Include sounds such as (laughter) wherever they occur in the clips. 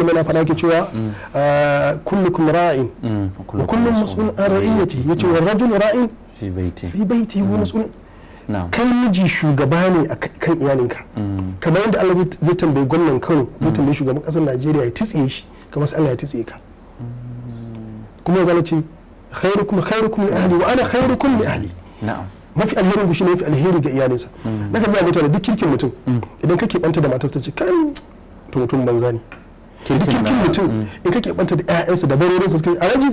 kullum yana faɗa ke cewa mm. ah, kullukum ra'in mm. wa kullum mas'ul an ra'iyati mm. yace wa rajul ra'in fi baiti fi baiti wa mas'ul kai miji shugaba ne a kan iyalinka kamar yadda Allah zai tambayi gwamnan Kano zai tambayi shugaban kasar Najeriya ya tsiye shi kamar sai Allah ya tsiye ka kuma zai ce khairukum khairukum li ahli wa ana khairukum li ahli na'am mafi alherin gushi ne mafi alheri ga iyalinsa na kan ga mutane duk kirkin mutum idan kake banta da matarsa ce kai to mutum banza ne kirkin mutum mm. in kake banta da ƴaƴansa da barorinsa suke alaji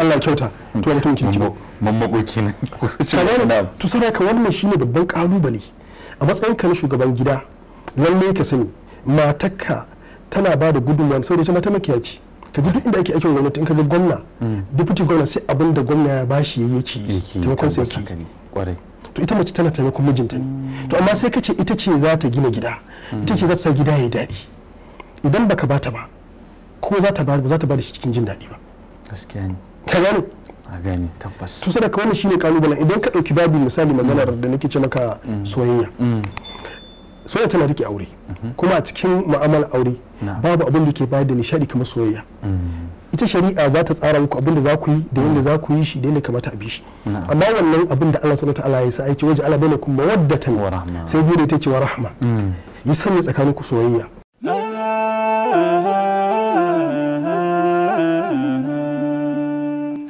Allah kyauta to mutum kirki ba mammakoki ne (laughs) to sai ka wannan shine babban kalubale a matsayin ka na shugaban gida lalle ka sani matakka tana ba da gudunmawa saboda ita mata makiya ce ka ji duk inda ake aikin gwamnati in ka ga gwamna mm. deputy gwamna sai abin da gwamna ya bashi yayi yake taimakon sai yake to ita mace tana taimakon mijinta ne to amma sai kace ita ce za ta gina gida mm. ita ce za ta sa gida ya yi daɗi idan baka bata ba ko za ta bada ba za ta bada shi cikin jin daɗi ba gaskiya ne ka gani a gane tabbas to sadaka wannan shine kalubalen idan ka dauki babu misali mm. maganar da nake ce maka mm. soyayya mm. soyayya tana rike aure mm-hmm. kuma a cikin mu'amalar aure babu abin da ke bayar da nishadi kamar soyayya ita shari'a za ta tsara muku abin da za ku yi da yadda za ku yi shi da yadda kamata a bi shi amma wannan abin da Allah subhanahu allah ya sa ya ce waje ala bainakum mawaddatan sai biyu da ta ce wa rahma ya sanya ku soyayya